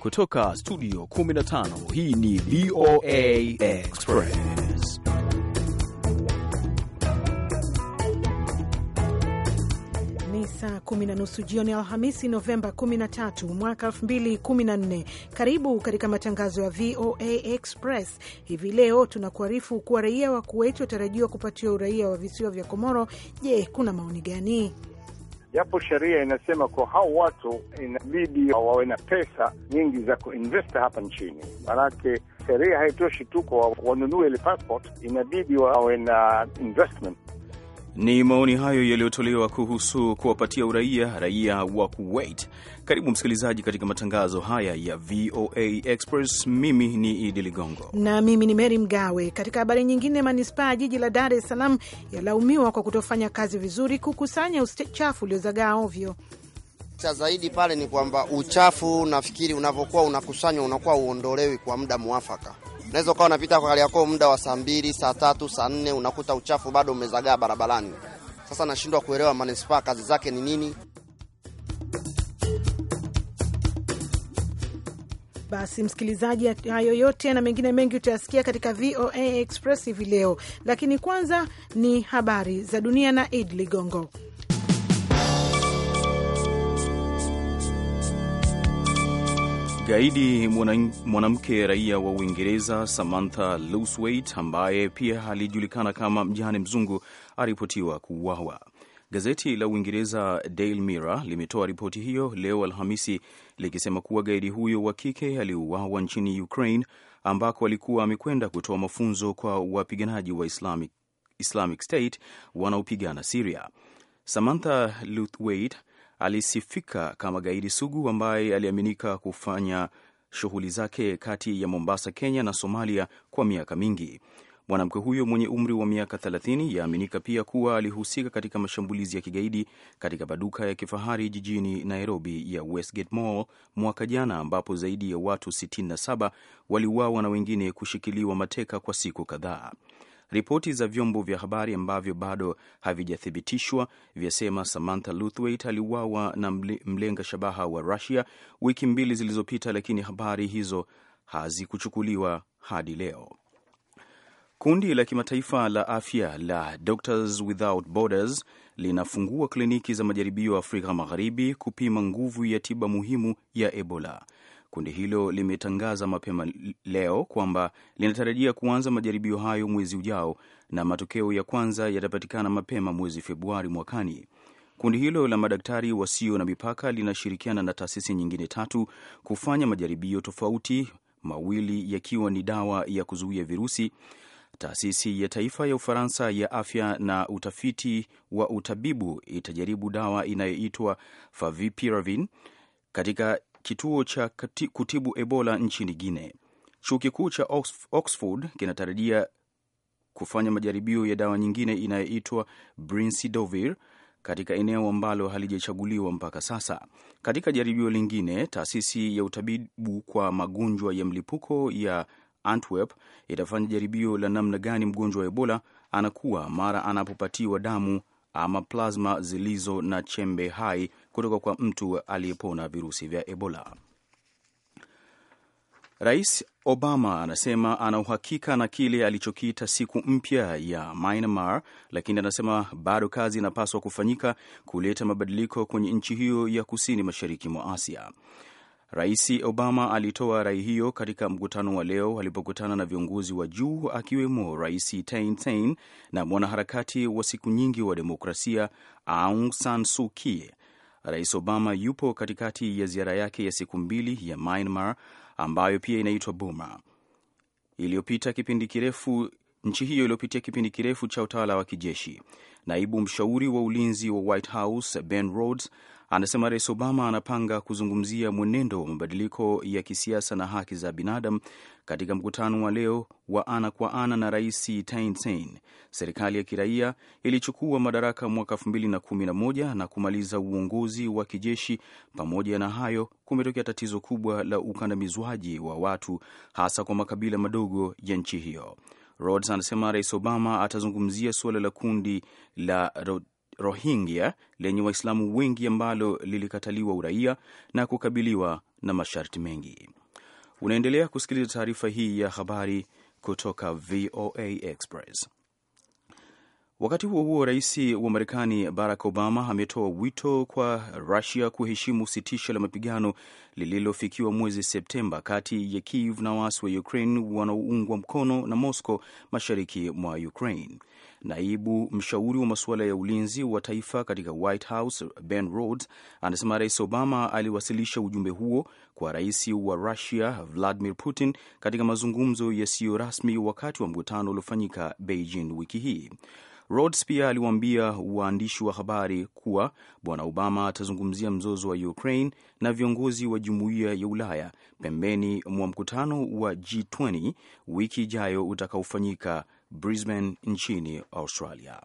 Kutoka studio 15 hii ni VOA Express. Ni saa kumi na nusu jioni Alhamisi, Novemba 13 mwaka 2014. Karibu katika matangazo ya VOA Express. Hivi leo tunakuarifu kuwa raia wa Kuwait watarajiwa kupatiwa uraia wa visiwa vya Komoro. Je, kuna maoni gani? japo sheria inasema kwa hao watu inabidi wawe na pesa nyingi za kuinvest hapa nchini, maanake sheria haitoshi tu kwa wanunue ile passport, inabidi wawe na investment ni maoni hayo yaliyotolewa kuhusu kuwapatia uraia raia wa Kuwait. Karibu msikilizaji katika matangazo haya ya VOA Express. Mimi ni Idi Ligongo na mimi ni mery Mgawe. Katika habari nyingine, manispaa ya jiji la Dar es Salaam yalaumiwa kwa kutofanya kazi vizuri kukusanya uchafu uliozagaa ovyo. Cha zaidi pale ni kwamba uchafu, nafikiri unavyokuwa unakusanywa unakuwa uondolewi kwa muda mwafaka Unaweza ukawa unapita kwa hali yako muda wa saa mbili, saa tatu, saa nne, unakuta uchafu bado umezagaa barabarani. Sasa nashindwa kuelewa manispaa kazi zake ni nini. Basi msikilizaji, hayo yote na mengine mengi utayasikia katika VOA Express hivi leo, lakini kwanza ni habari za dunia na Id Ligongo. Gaidi mwanamke raia wa Uingereza Samantha Lewswaite ambaye pia alijulikana kama mjane mzungu aripotiwa kuuawa. Gazeti la Uingereza Daily Mirror limetoa ripoti hiyo leo Alhamisi likisema kuwa gaidi huyo wa kike aliuawa nchini Ukraine ambako alikuwa amekwenda kutoa mafunzo kwa wapiganaji wa Islamic, Islamic State wanaopigana siria Samantha Lewswaite alisifika kama gaidi sugu ambaye aliaminika kufanya shughuli zake kati ya Mombasa, Kenya na Somalia kwa miaka mingi. Mwanamke huyo mwenye umri wa miaka 30 yaaminika pia kuwa alihusika katika mashambulizi ya kigaidi katika maduka ya kifahari jijini Nairobi ya Westgate Mall mwaka jana, ambapo zaidi ya watu 67 waliuawa na wengine kushikiliwa mateka kwa siku kadhaa. Ripoti za vyombo vya habari ambavyo bado havijathibitishwa vyasema Samantha Luthwaite aliuawa na mlenga shabaha wa Russia wiki mbili zilizopita, lakini habari hizo hazikuchukuliwa hadi leo. Kundi la kimataifa la afya la Doctors Without Borders linafungua kliniki za majaribio Afrika Magharibi kupima nguvu ya tiba muhimu ya Ebola. Kundi hilo limetangaza mapema leo kwamba linatarajia kuanza majaribio hayo mwezi ujao na matokeo ya kwanza yatapatikana mapema mwezi Februari mwakani. Kundi hilo la madaktari wasio na mipaka linashirikiana na taasisi nyingine tatu kufanya majaribio tofauti, mawili yakiwa ni dawa ya kuzuia virusi, taasisi ya taifa ya Ufaransa ya afya na utafiti wa utabibu itajaribu dawa inayoitwa favipiravin katika kituo cha kutibu Ebola nchini Guinea. Chuo kikuu cha Oxford kinatarajia kufanya majaribio ya dawa nyingine inayoitwa Brincidovir katika eneo ambalo halijachaguliwa mpaka sasa. Katika jaribio lingine, taasisi ya utabibu kwa magonjwa ya mlipuko ya Antwerp itafanya jaribio la namna gani mgonjwa wa Ebola anakuwa mara anapopatiwa damu ama plasma zilizo na chembe hai kutoka kwa mtu aliyepona virusi vya Ebola. Rais Obama anasema ana uhakika na kile alichokiita siku mpya ya Myanmar, lakini anasema bado kazi inapaswa kufanyika kuleta mabadiliko kwenye nchi hiyo ya kusini mashariki mwa Asia. Rais Obama alitoa rai hiyo katika mkutano wa leo alipokutana na viongozi wa juu akiwemo Rais Thein Sein na mwanaharakati wa siku nyingi wa demokrasia Aung San Suu Kyi Rais Obama yupo katikati ya ziara yake ya siku mbili ya Myanmar ambayo pia inaitwa Burma iliyopita kipindi kirefu nchi hiyo iliyopitia kipindi kirefu cha utawala wa kijeshi. Naibu mshauri wa ulinzi wa White House Ben Rhodes Anasema Rais Obama anapanga kuzungumzia mwenendo wa mabadiliko ya kisiasa na haki za binadamu katika mkutano wa leo wa ana kwa ana na Rais Thein Sein. Serikali ya kiraia ilichukua madaraka mwaka 2011 na kumaliza uongozi wa kijeshi. Pamoja na hayo, kumetokea tatizo kubwa la ukandamizwaji wa watu, hasa kwa makabila madogo ya nchi hiyo. Rhodes anasema Rais Obama atazungumzia suala la kundi la Rohingya lenye Waislamu wengi ambalo lilikataliwa uraia na kukabiliwa na masharti mengi. Unaendelea kusikiliza taarifa hii ya habari kutoka VOA Express. Wakati huo huo, rais wa Marekani Barack Obama ametoa wito kwa Rusia kuheshimu sitisho la mapigano lililofikiwa mwezi Septemba kati ya Kiev na waasi wa Ukraine wanaoungwa mkono na Moscow mashariki mwa Ukraine. Naibu mshauri wa masuala ya ulinzi wa taifa katika White House Ben Rhodes anasema Rais Obama aliwasilisha ujumbe huo kwa rais wa Russia Vladimir Putin katika mazungumzo yasiyo rasmi wakati wa mkutano uliofanyika Beijing wiki hii. Rhodes pia aliwaambia waandishi wa habari kuwa Bwana Obama atazungumzia mzozo wa Ukraine na viongozi wa jumuiya ya Ulaya pembeni mwa mkutano wa G20 wiki ijayo utakaofanyika Brisbane nchini Australia.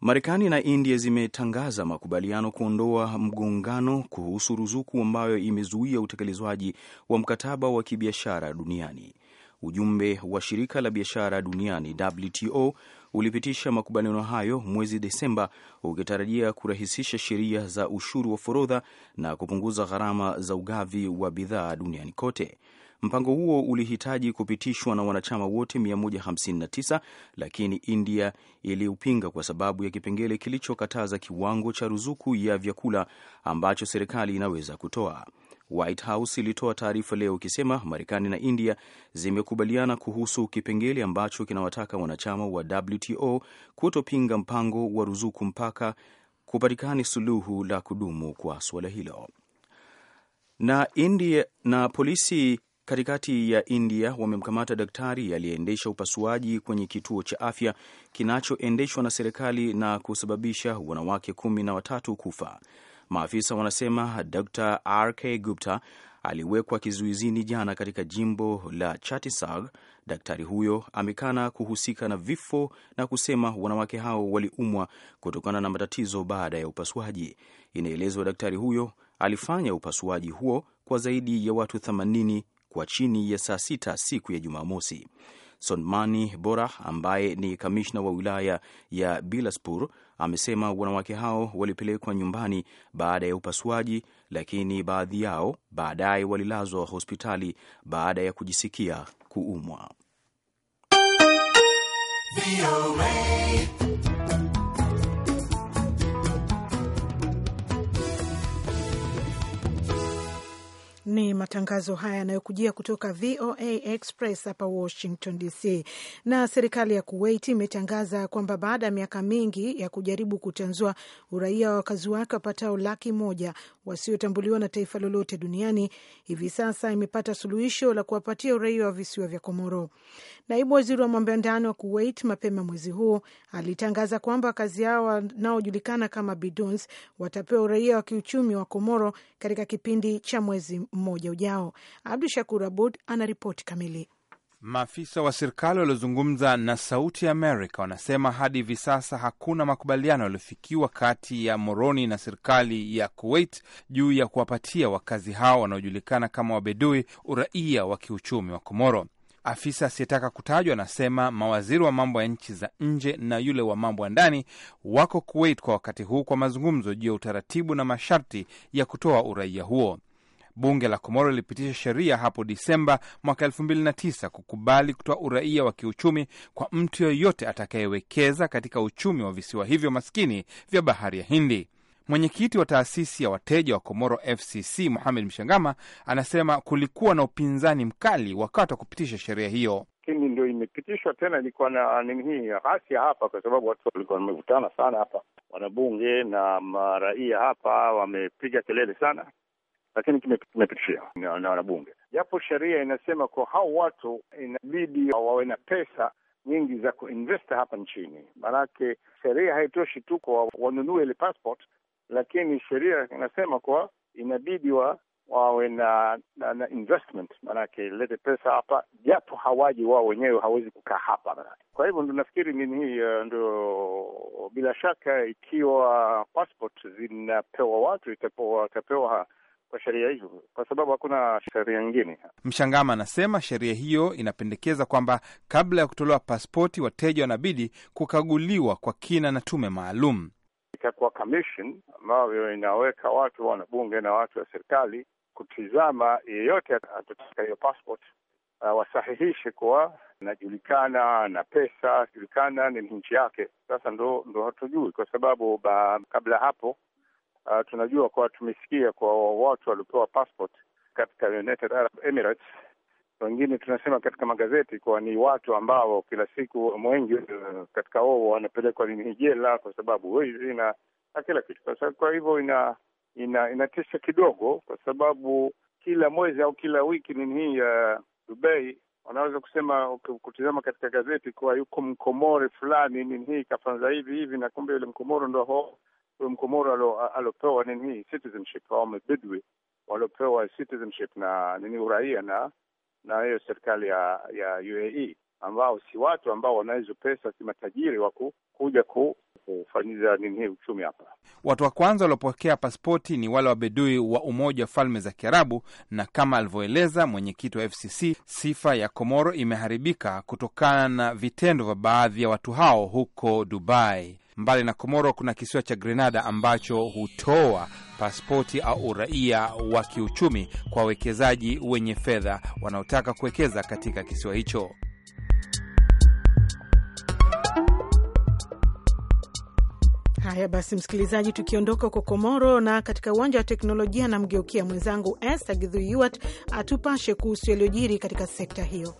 Marekani na India zimetangaza makubaliano kuondoa mgongano kuhusu ruzuku ambayo imezuia utekelezwaji wa mkataba wa kibiashara duniani. Ujumbe wa shirika la biashara duniani WTO ulipitisha makubaliano hayo mwezi Desemba ukitarajia kurahisisha sheria za ushuru wa forodha na kupunguza gharama za ugavi wa bidhaa duniani kote. Mpango huo ulihitaji kupitishwa na wanachama wote 159 lakini India iliupinga kwa sababu ya kipengele kilichokataza kiwango cha ruzuku ya vyakula ambacho serikali inaweza kutoa. White House ilitoa taarifa leo ikisema Marekani na India zimekubaliana kuhusu kipengele ambacho kinawataka wanachama wa WTO kutopinga mpango wa ruzuku mpaka kupatikane suluhu la kudumu kwa suala hilo. Na India na polisi katikati ya India wamemkamata daktari aliyeendesha upasuaji kwenye kituo cha afya kinachoendeshwa na serikali na kusababisha wanawake kumi na watatu kufa. Maafisa wanasema Dr RK Gupta aliwekwa kizuizini jana katika jimbo la Chattisgarh. Daktari huyo amekana kuhusika na vifo na kusema wanawake hao waliumwa kutokana na matatizo baada ya upasuaji. Inaelezwa daktari huyo alifanya upasuaji huo kwa zaidi ya watu kwa chini ya saa sita siku ya Jumamosi. Sonmani Bora ambaye ni kamishna wa wilaya ya Bilaspur amesema wanawake hao walipelekwa nyumbani baada ya upasuaji, lakini baadhi yao baadaye walilazwa hospitali baada ya kujisikia kuumwa. ni matangazo haya yanayokujia kutoka VOA Express hapa Washington DC. Na serikali ya Kuwait imetangaza kwamba baada ya miaka mingi ya kujaribu kutanzua uraia wa wakazi wake wapatao laki moja wasiotambuliwa na taifa lolote duniani hivi sasa imepata suluhisho la kuwapatia uraia wa visiwa vya Komoro. Naibu waziri wa mambo ya ndani wa Kuwait mapema mwezi huu alitangaza kwamba wakazi hao wanaojulikana kama Bidons watapewa uraia wa kiuchumi wa Komoro katika kipindi cha mwezi mmoja ujao. Abdu Shakur Abud ana ripoti kamili. Maafisa wa serikali waliozungumza na Sauti ya Amerika wanasema hadi hivi sasa hakuna makubaliano yaliyofikiwa kati ya Moroni na serikali ya Kuwait juu ya kuwapatia wakazi hao wanaojulikana kama Wabedui uraia wa kiuchumi wa Komoro. Afisa asiyetaka kutajwa anasema mawaziri wa mambo ya nchi za nje na yule wa mambo ya ndani wako Kuwait kwa wakati huu kwa mazungumzo juu ya utaratibu na masharti ya kutoa uraia huo. Bunge la Komoro lilipitisha sheria hapo Disemba mwaka tisa kukubali kutoa uraia wa kiuchumi kwa mtu yoyote atakayewekeza katika uchumi wa visiwa hivyo maskini vya bahari ya Hindi. Mwenyekiti wa taasisi ya wateja wa Komoro FCC muhamed Mshangama anasema kulikuwa na upinzani mkali wakati wa kupitisha sheria hiyo, lakini ndio imepitishwa tena. Ilikuwa na ah, nini hii ghasia hapa, kwa sababu watu walikuwa wamevutana sana hapa, wanabunge na maraia hapa wamepiga kelele sana lakini kimepitishia na wanabunge, japo sheria inasema kwa hao watu inabidi wawe na pesa nyingi za kuinvest hapa nchini. Maanake sheria haitoshi tu kwa wanunue ile passport, lakini sheria inasema kwa inabidi wa wawe na, na, na investment maanake lete pesa hapa, japo hawaji wao wenyewe, hawezi kukaa hapa manake. Kwa hivyo ndo nafikiri nini hii eh, ndo, bila shaka ikiwa passport zinapewa watu, itapewa kwa sheria hiyo, kwa sababu hakuna sheria nyingine. Mshangama anasema sheria hiyo inapendekeza kwamba kabla ya kutolewa paspoti, wateja wanabidi kukaguliwa kwa kina na tume maalum, itakuwa commission ambayo inaweka watu wanabunge na watu wa serikali kutizama yeyote atataka hiyo passport uh, wasahihishe kuwa najulikana na pesa julikana ni nchi yake. Sasa ndo ndo hatujui, kwa sababu ba, kabla hapo Uh, tunajua kwa tumesikia kwa watu waliopewa passport katika United Arab Emirates, wengine tunasema katika magazeti kuwa ni watu ambao kila siku mwengi eh, katika oo wanapelekwa ni jela kwa sababu wezi na kila kitu. Kwa hivyo ina ina inatisha kidogo, kwa sababu kila mwezi au kila wiki nini hii ya uh, eh, Dubai wanaweza kusema kutizama katika gazeti kuwa yuko mkomori fulani nini hii kafanza hivi hivi, na kumbe yule mkomoro ndo mkomoro alopewa nini hii citizenship au Bedwi waliopewa citizenship na nini uraia na na hiyo serikali ya ya UAE ambao si watu ambao wanaweza pesa, si matajiri wa kuja ku kufanyiza nini hii uchumi hapa. Watu wa kwanza waliopokea pasipoti ni wale wabedui wa Umoja wa Falme za Kiarabu, na kama alivyoeleza mwenyekiti wa FCC, sifa ya Komoro imeharibika kutokana na vitendo vya baadhi ya watu hao huko Dubai. Mbali na Komoro, kuna kisiwa cha Grenada ambacho hutoa pasipoti au uraia wa kiuchumi kwa wawekezaji wenye fedha wanaotaka kuwekeza katika kisiwa hicho. Haya basi, msikilizaji, tukiondoka huko Komoro na katika uwanja wa teknolojia, namgeukia mwenzangu Esther Githui atupashe kuhusu yaliyojiri katika sekta hiyo.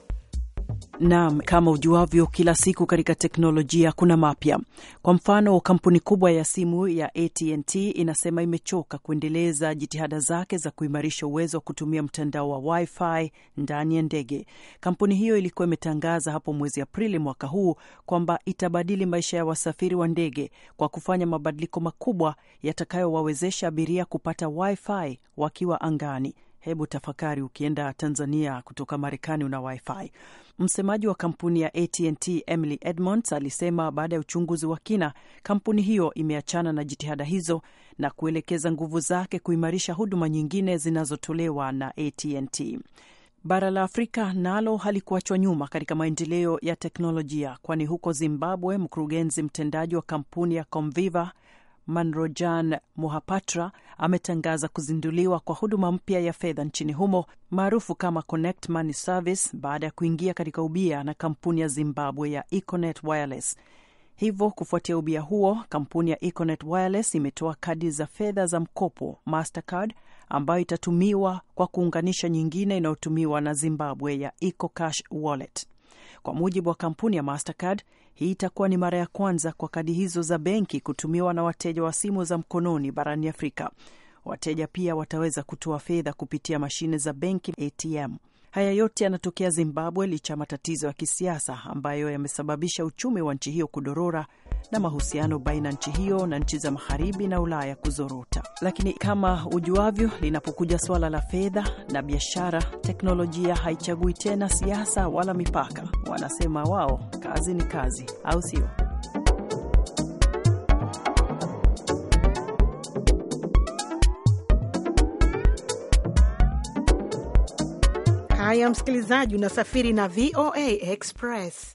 Naam, kama ujuavyo, kila siku katika teknolojia kuna mapya. Kwa mfano, kampuni kubwa ya simu ya ATNT inasema imechoka kuendeleza jitihada zake za kuimarisha uwezo wa kutumia mtandao wa wifi ndani ya ndege. Kampuni hiyo ilikuwa imetangaza hapo mwezi Aprili mwaka huu kwamba itabadili maisha ya wasafiri wa ndege kwa kufanya mabadiliko makubwa yatakayowawezesha abiria kupata wifi wakiwa angani. Hebu tafakari ukienda Tanzania kutoka Marekani una wifi. Msemaji wa kampuni ya ATNT Emily Edmonds alisema baada ya uchunguzi wa kina, kampuni hiyo imeachana na jitihada hizo na kuelekeza nguvu zake kuimarisha huduma nyingine zinazotolewa na ATNT. Bara la Afrika nalo halikuachwa nyuma katika maendeleo ya teknolojia, kwani huko Zimbabwe mkurugenzi mtendaji wa kampuni ya Comviva Manrojan Mohapatra ametangaza kuzinduliwa kwa huduma mpya ya fedha nchini humo maarufu kama Connect Money Service baada ya kuingia katika ubia na kampuni ya Zimbabwe ya Econet Wireless. Hivyo, kufuatia ubia huo, kampuni ya Econet Wireless imetoa kadi za fedha za mkopo Mastercard ambayo itatumiwa kwa kuunganisha nyingine inayotumiwa na Zimbabwe ya EcoCash Wallet. Kwa mujibu wa kampuni ya Mastercard, hii itakuwa ni mara ya kwanza kwa kadi hizo za benki kutumiwa na wateja wa simu za mkononi barani Afrika. Wateja pia wataweza kutoa fedha kupitia mashine za benki ATM. Haya yote yanatokea Zimbabwe licha ya matatizo ya kisiasa ambayo yamesababisha uchumi wa nchi hiyo kudorora na mahusiano baina nchi hiyo na nchi za magharibi na Ulaya kuzorota. Lakini kama ujuavyo, linapokuja suala la fedha na biashara, teknolojia haichagui tena siasa wala mipaka. Wanasema wao kazi ni kazi, au sio? Haya msikilizaji, unasafiri na VOA Express.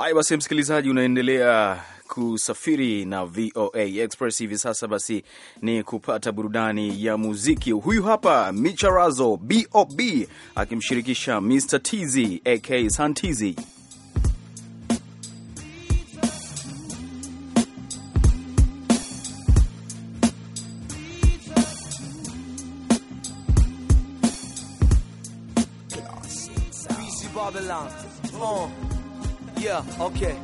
Haya basi, msikilizaji, unaendelea kusafiri na VOA Express hivi sasa. Basi ni kupata burudani ya muziki. Huyu hapa Micharazo Bob akimshirikisha Mr tz ak Santizi. Yeah, okay.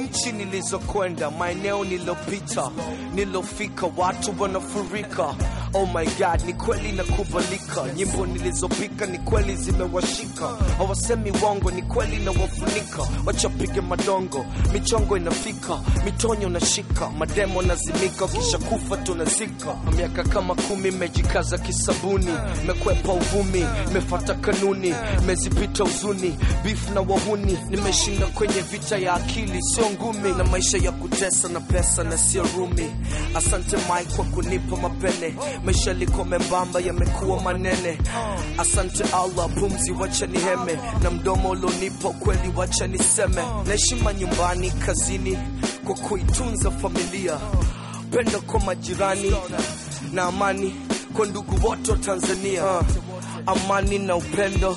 nchi nilizokwenda, maeneo nilopita, nilofika, watu wanafurika. Oh my God, ni kweli nakubalika, nyimbo nilizopika ni kweli zimewashika, hawasemi wongo, ni kweli na wafunika, wachapige madongo, michongo inafika, mitonyo nashika, mademo nazimika, kisha kufa tunazika. Miaka kama kumi mejikaza kisabuni, mekwepa uvumi, mefata kanuni, mezipita uzuni, bifu na wahuni, nimeshinda kwenye vita ya akili sio ngumi, na maisha ya kutesa na pesa na sio rumi. Asante Mike kwa kunipa mapene, maisha liko membamba yamekuwa manene. Asante Allah, pumzi wacha heme na mdomo ulionipa kweli wacha niseme. Naheshima nyumbani, kazini, kwa kuitunza familia, pendo kwa majirani na amani kwa ndugu wote wa Tanzania, amani na upendo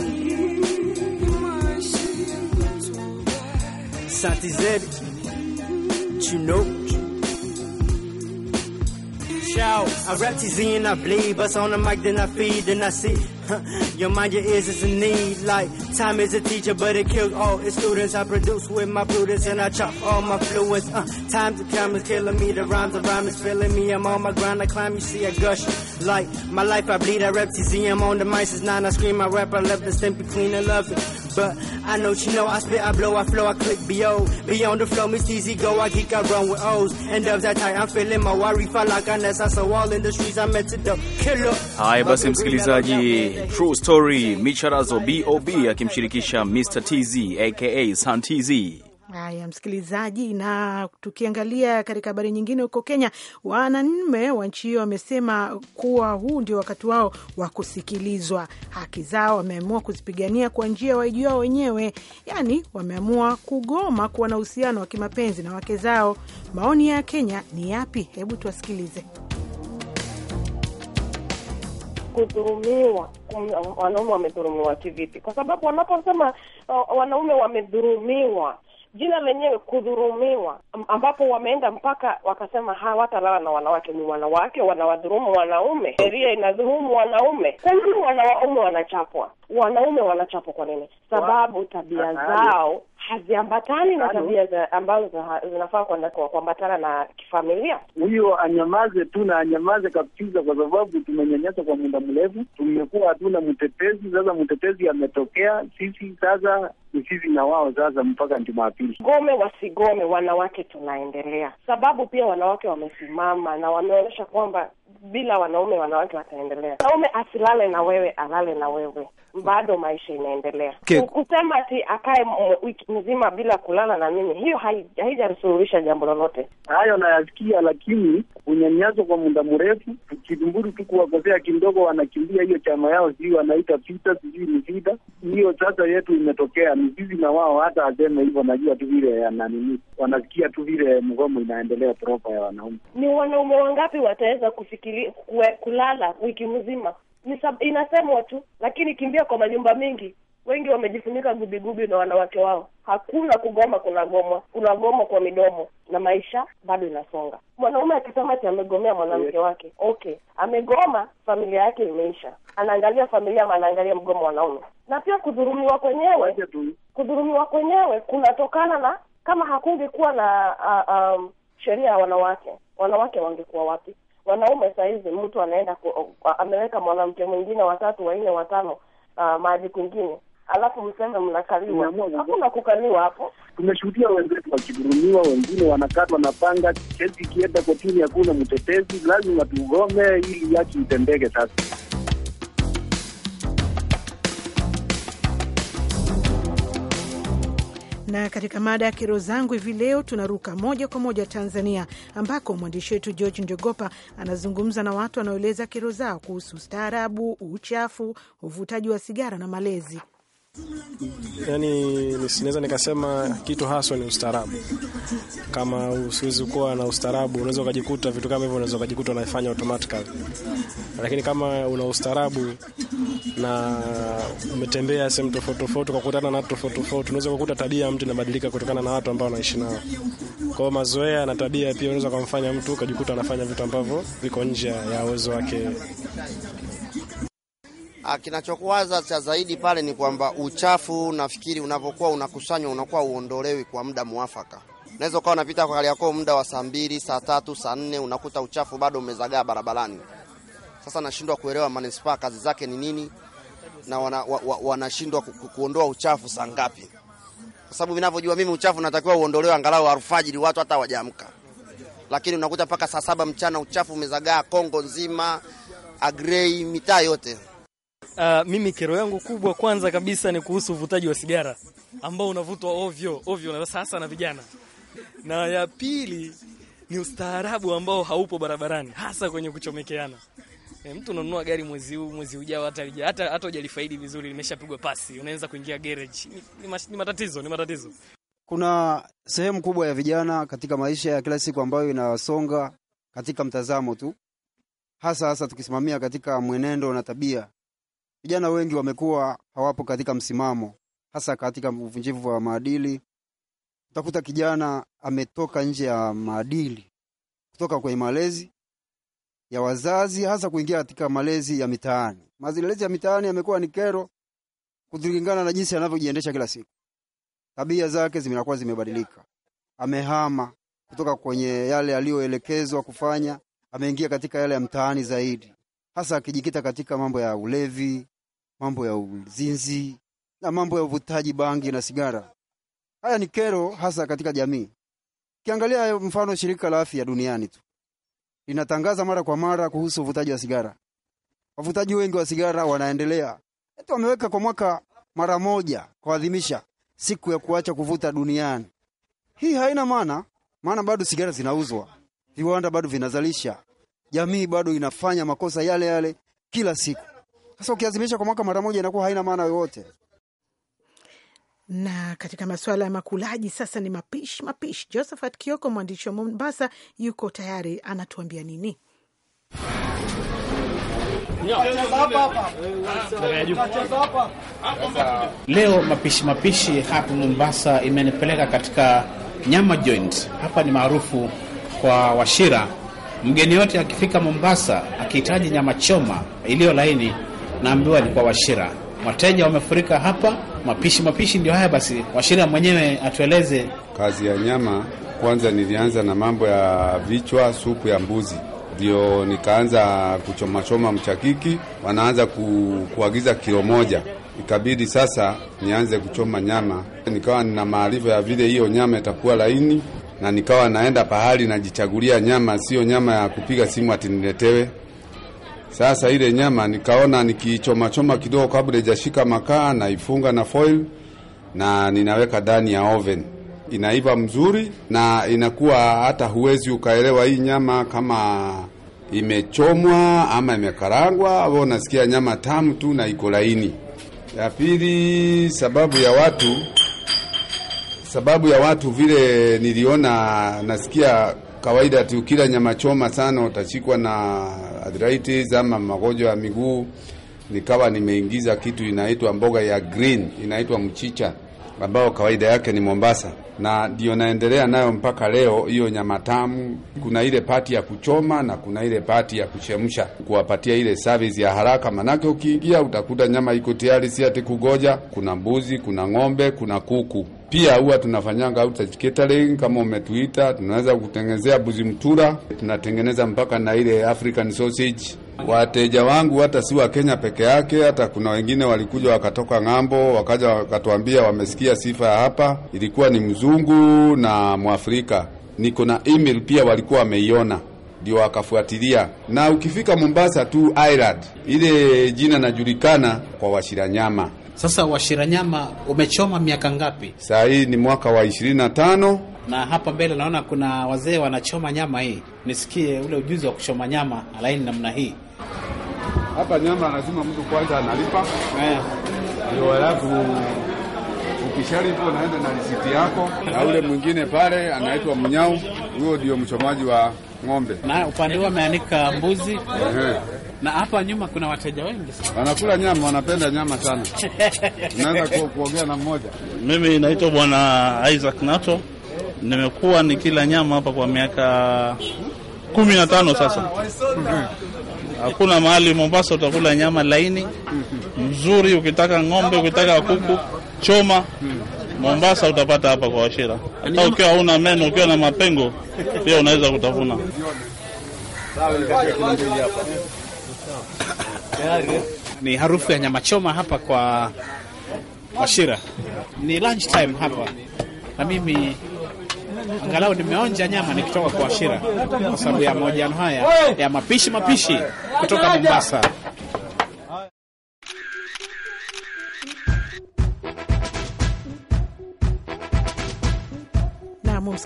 saint know. Shout, I rap his and I bleed, bust on the mic, then I feed, then I see. Your mind, your ears is a need. Like time is a teacher, but it kills all its students. I produce with my prudence and I chop all my fluids. Uh, time to come is killing me. The rhymes, the rhyme is filling me. I'm on my grind, I climb. You see, I gush. Like my life, I bleed. I rap TZ. I'm on the mice. It's nine. I scream. I rap. I left the stamp clean. the love it. But I know she know I spit, I blow, I flow, I click BO. Be on the flow, Miss TZ go, I geek, I run with O's. And dubs that tight, I'm feeling my worry, fall like I nest, I saw all in the streets, I met to the killer. Hi, basi msikilizaji, True Story, Micharazo B.O.B. akimshirikisha Mr. TZ aka Sun TZ. Haya, msikilizaji, na tukiangalia katika habari nyingine, huko Kenya wanaume wa nchi hiyo wamesema kuwa huu ndio wakati wao wa kusikilizwa. Haki zao wameamua kuzipigania kwa njia wao wenyewe, yaani wameamua kugoma kuwa na uhusiano wa kimapenzi na wake zao. Maoni ya Kenya ni yapi? Hebu tuwasikilize. Kudhurumiwa, wanaume wamedhurumiwa kivipi? Kwa sababu wanaposema uh, wanaume wamedhurumiwa jina lenyewe kudhurumiwa, ambapo wameenda mpaka wakasema hawatalala na wanawake. Ni wanawake wanawadhurumu wanaume, sheria inadhurumu wanaume. Kwa nini wanaume wanachapwa? Wanaume wanachapwa kwa nini? Sababu tabia zao haziambatani na tabia ambazo zinafaa kuambatana na kifamilia. Huyo anyamaze tu na anyamaze kabisa, kwa sababu tumenyanyasa kwa muda mrefu, tumekuwa hatuna mtetezi. Sasa mtetezi ametokea, sisi sasa ni sisi na wao sasa, mpaka Jumapili. Gome wasigome, wanawake tunaendelea, sababu pia wanawake wamesimama na wameonyesha kwamba bila wanaume, wanawake wataendelea. Wanaume asilale na wewe, alale na wewe bado maisha inaendelea. Kusema ati akae wiki mzima bila kulala na mimi, hiyo haijasuluhisha jambo lolote. Hayo nayasikia, lakini unyanyaso kwa muda mrefu, kidumburu tu kuwakosea kidogo, wanakimbia hiyo chama yao, sijui wanaita vita, sijui ni vita hiyo. Sasa yetu imetokea ni sisi na wao, hata aseme hivyo, najua tu vile yananini, wanasikia tu vile mgomo inaendelea propa ya wanaume. Ni wanaume wangapi wataweza kufikiri kulala wiki mzima? inasemwa tu, lakini kimbia kwa manyumba mingi wengi wamejifunika gubigubi na wanawake wao. Hakuna kugoma, kuna goma, kuna goma kwa midomo, na maisha bado inasonga. Mwanaume akisema ati amegomea mwanamke wake, okay, amegoma, familia yake imeisha. Anaangalia familia ama anaangalia mgomo wanaume? Na pia kudhurumiwa kwenyewe, kudhurumiwa kwenyewe kunatokana na, kama hakungekuwa na uh, um, sheria ya wanawake, wanawake wangekuwa wapi? Wanaume sahizi mtu anaenda ameweka mwanamke mwingine watatu wanne watano uh, ah, mahali kwingine alafu mseme mnakaliwa. Hakuna kukaliwa hapo. Tumeshuhudia wenzetu wakigurumiwa, wengine wanakatwa na panga. Kesi ikienda kotini, hakuna mtetezi, lazima tugome ili yaki itendeke. Sasa Na katika mada ya kero zangu hivi leo, tunaruka moja kwa moja Tanzania, ambako mwandishi wetu George Njogopa anazungumza na watu wanaoeleza kero zao kuhusu ustaarabu, uchafu, uvutaji wa sigara na malezi. Yani nisinaweza nikasema kitu haswa ni ustaarabu. Kama usiwezi kuwa na ustaarabu, unaweza ukajikuta vitu kama hivyo, unaweza ukajikuta unaifanya automatically, lakini kama una ustaarabu na umetembea sehemu tofauti tofauti, ukakutana na watu tofauti tofauti, unaweza kukuta tabia ya mtu inabadilika kutokana na watu ambao anaishi nao. Kwa hiyo mazoea na tabia pia unaweza kumfanya mtu ukajikuta anafanya vitu ambavyo viko nje ya uwezo wake Ah, kinachokuwaza cha zaidi pale ni kwamba uchafu, nafikiri unavyokuwa unakusanywa unakuwa uondolewi kwa muda mwafaka. Unaweza ukawa unapita kwa hali yako muda wa saa mbili, saa tatu, saa nne, unakuta uchafu bado umezagaa barabarani. Sasa nashindwa kuelewa manispaa kazi zake ni nini na wanashindwa ku, kuondoa uchafu saa ngapi? Kwa sababu ninavyojua mimi uchafu natakiwa uondolewe angalau alfajiri, watu hata wajamka lakini unakuta mpaka saa saba mchana uchafu umezagaa Kongo nzima, Agrei, mitaa yote. Uh, mimi kero yangu kubwa kwanza kabisa ni kuhusu uvutaji wa sigara ambao unavutwa ovyo ovyo na sasa na vijana, na ya pili ni ustaarabu ambao haupo barabarani, hasa kwenye kuchomekeana. E, mtu unanunua gari mwezi huu, mwezi ujao, hata hata hata hujalifaidi vizuri, limeshapigwa pasi, unaanza kuingia garage. Ni, ni, ni matatizo, ni matatizo. Kuna sehemu kubwa ya vijana katika maisha ya kila siku ambayo inasonga katika mtazamo tu, hasa hasa tukisimamia katika mwenendo na tabia Vijana wengi wamekuwa hawapo katika msimamo, hasa katika uvunjivu wa maadili. Utakuta kijana ametoka nje ya maadili, kutoka kwenye malezi ya wazazi, hasa kuingia katika malezi ya mitaani. Malezi ya mitaani yamekuwa ni kero kulingana na jinsi anavyojiendesha kila siku. Tabia zake zimekuwa zimebadilika, amehama kutoka kwenye yale aliyoelekezwa kufanya, ameingia katika yale ya mtaani zaidi, hasa akijikita katika mambo ya ulevi, mambo ya uzinzi na mambo ya uvutaji bangi na sigara. Haya ni kero hasa katika jamii. Ukiangalia mfano shirika la afya duniani tu linatangaza mara kwa mara kuhusu uvutaji wa sigara. Wavutaji wengi wa sigara wanaendelea, hata wameweka kwa mwaka mara moja kuadhimisha siku ya kuacha kuvuta duniani. Hii haina maana, maana bado sigara zinauzwa, viwanda bado vinazalisha, jamii bado inafanya makosa yale yale kila siku. Sasa ukiazimisha kwa mwaka mara moja inakuwa haina maana yoyote. Na katika masuala ya makulaji sasa ni mapishi mapishi. Josephat Kioko, mwandishi wa Mombasa, yuko tayari, anatuambia nini? Leo mapishi mapishi hapa Mombasa imenipeleka katika Nyama Joint. Hapa ni maarufu kwa Washira. Mgeni yote akifika Mombasa akihitaji nyama choma iliyo laini naambiwa alikuwa Washira. Wateja wamefurika hapa, mapishi mapishi ndio haya. Basi Washira mwenyewe atueleze kazi ya nyama. Kwanza nilianza na mambo ya vichwa, supu ya mbuzi ndio nikaanza kuchomachoma mchakiki, wanaanza ku, kuagiza kilo moja. Ikabidi sasa nianze kuchoma nyama, nikawa nina maarifa ya vile hiyo nyama itakuwa laini, na nikawa naenda pahali najichagulia nyama, sio nyama ya kupiga simu atiniletewe. Sasa ile nyama nikaona nikichomachoma kidogo kabla ijashika makaa, naifunga na foil na ninaweka ndani ya oven, inaiva mzuri na inakuwa hata huwezi ukaelewa hii nyama kama imechomwa ama imekarangwa, au unasikia nyama tamu tu na iko laini. Ya pili, sababu ya watu sababu ya watu vile niliona, nasikia kawaida tu kila nyama choma sana utashikwa na arthritis ama magonjwa ya miguu, nikawa nimeingiza kitu inaitwa mboga ya green, inaitwa mchicha ambayo kawaida yake ni Mombasa, na ndio naendelea nayo mpaka leo. Hiyo nyama tamu, kuna ile pati ya kuchoma na kuna ile pati ya kuchemsha, kuwapatia ile service ya haraka, manake ukiingia utakuta nyama iko tayari, si ati kugoja. Kuna mbuzi, kuna ng'ombe, kuna kuku. Pia huwa tunafanyanga outside catering, kama umetuita, tunaweza kutengenezea buzi mtura, tunatengeneza mpaka na ile African sausage. Wateja wangu hata si wa Kenya peke yake, hata kuna wengine walikuja wakatoka ng'ambo, wakaja wakatuambia wamesikia sifa ya hapa, ilikuwa ni mzungu na Mwafrika. Niko na email pia, walikuwa wameiona ndio wakafuatilia. Na ukifika Mombasa tu Island, ile jina najulikana kwa washiranyama. Sasa Washiranyama, umechoma miaka ngapi? Saa hii ni mwaka wa 25 na hapa mbele naona kuna wazee wanachoma nyama hii. Nisikie ule ujuzi wa kuchoma nyama alaini namna hii. Hapa nyama lazima mtu kwanza analipa eh. ndio, halafu ukishalipo unaenda na risiti yako, na ule mwingine pale anaitwa mnyau, huyo ndio mchomaji wa ng'ombe, na upande huo ameanika mbuzi. Ehe. Na hapa nyuma kuna wateja wengi sana wanakula nyama, wanapenda nyama sana. Naweza kuongea na mmoja. Mimi naitwa Bwana Isaac Nato, nimekuwa nikila nyama hapa kwa miaka kumi na tano sasa. Hakuna mahali Mombasa utakula nyama laini mzuri, ukitaka ng'ombe, ukitaka kuku choma Mombasa utapata hapa kwa Washira. Hata ukiwa hauna meno, ukiwa na mapengo pia unaweza kutafuna ni harufu ya nyama choma hapa kwa Washira. Ni lunch time hapa, na mimi angalau nimeonja nyama nikitoka kwa Washira kwa sababu ya mahojiano haya ya mapishi mapishi kutoka Mombasa.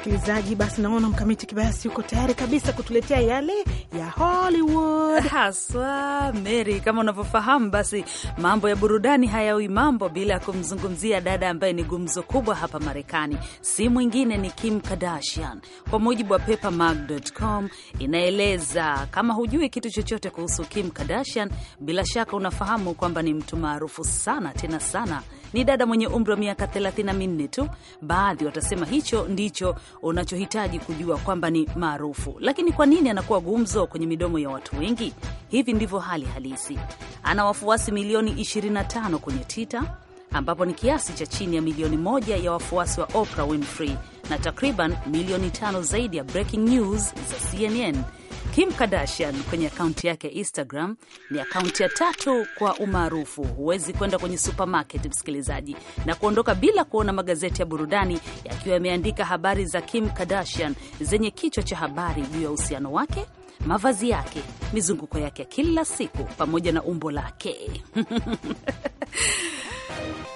msikilizaji. Basi naona Mkamiti Kibayasi yuko tayari kabisa kutuletea yale ya Hollywood haswa. Mary, kama unavyofahamu, basi mambo ya burudani hayawi mambo bila ya kumzungumzia dada ambaye ni gumzo kubwa hapa Marekani, si mwingine ni Kim Kardashian. Kwa mujibu wa papermag.com, inaeleza kama hujui kitu chochote kuhusu Kim Kardashian, bila shaka unafahamu kwamba ni mtu maarufu sana tena sana ni dada mwenye umri wa miaka 34 tu. Baadhi watasema hicho ndicho unachohitaji kujua kwamba ni maarufu, lakini kwa nini anakuwa gumzo kwenye midomo ya watu wengi? Hivi ndivyo hali halisi. Ana wafuasi milioni 25 kwenye Twitter ambapo ni kiasi cha chini ya milioni moja ya wafuasi wa Oprah Winfrey na takriban milioni tano zaidi ya Breaking News za CNN. Kim Kardashian kwenye akaunti yake Instagram ni akaunti ya tatu kwa umaarufu. Huwezi kwenda kwenye supermarket, msikilizaji, na kuondoka bila kuona magazeti ya burudani yakiwa yameandika habari za Kim Kardashian zenye kichwa cha habari juu ya uhusiano wake mavazi yake, mizunguko yake ya kila siku, pamoja na umbo lake.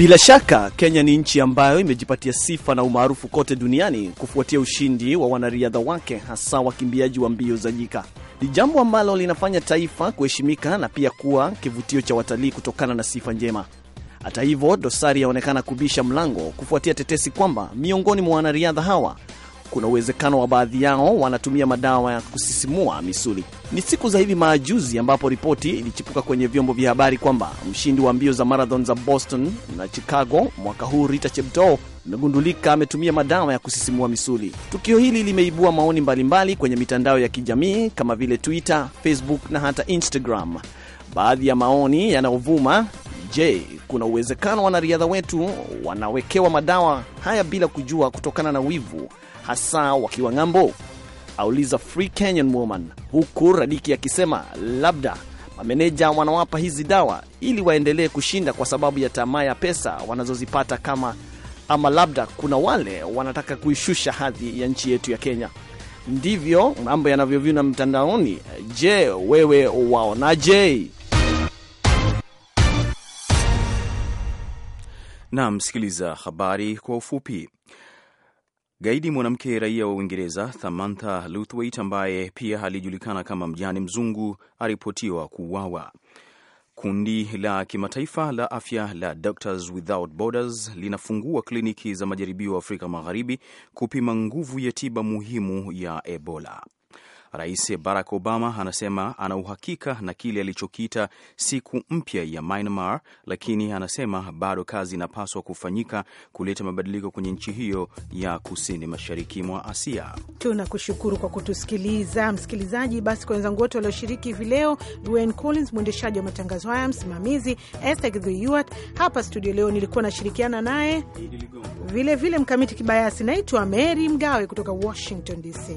Bila shaka Kenya ni nchi ambayo imejipatia sifa na umaarufu kote duniani kufuatia ushindi wa wanariadha wake, hasa wakimbiaji wa mbio za nyika. Ni jambo ambalo linafanya taifa kuheshimika na pia kuwa kivutio cha watalii kutokana na sifa njema. Hata hivyo, dosari yaonekana kubisha mlango kufuatia tetesi kwamba miongoni mwa wanariadha hawa kuna uwezekano wa baadhi yao wanatumia madawa ya kusisimua misuli. Ni siku za hivi majuzi ambapo ripoti ilichipuka kwenye vyombo vya habari kwamba mshindi wa mbio za marathon za Boston na Chicago mwaka huu Rita Chepto amegundulika ametumia madawa ya kusisimua misuli. Tukio hili limeibua maoni mbalimbali mbali kwenye mitandao ya kijamii kama vile Twitter, Facebook na hata Instagram. Baadhi ya maoni yanayovuma Je, kuna uwezekano wanariadha wetu wanawekewa madawa haya bila kujua kutokana na wivu hasa wakiwa ng'ambo? Auliza Free Kenyan Woman, huku Radiki akisema labda mameneja wanawapa hizi dawa ili waendelee kushinda kwa sababu ya tamaa ya pesa wanazozipata kama ama labda kuna wale wanataka kuishusha hadhi ya nchi yetu ya Kenya. Ndivyo mambo yanavyovyuna mtandaoni. Je, wewe waonaje? Naam, sikiliza habari kwa ufupi. Gaidi mwanamke raia wa Uingereza Samantha Luthwaite ambaye pia alijulikana kama mjane mzungu aripotiwa kuuawa. Kundi la kimataifa la afya la Doctors Without Borders linafungua kliniki za majaribio Afrika Magharibi kupima nguvu ya tiba muhimu ya Ebola. Rais Barack Obama anasema ana uhakika na kile alichokiita siku mpya ya Myanmar, lakini anasema bado kazi inapaswa kufanyika kuleta mabadiliko kwenye nchi hiyo ya kusini mashariki mwa Asia. Tunakushukuru kwa kutusikiliza msikilizaji. Basi kwa wenzangu wote walioshiriki hivi leo, Dwayne Collins mwendeshaji wa matangazo haya, msimamizi Estegyuat hapa studio leo nilikuwa nashirikiana naye vilevile, Mkamiti Kibayasi. Naitwa Mary Mgawe kutoka Washington DC.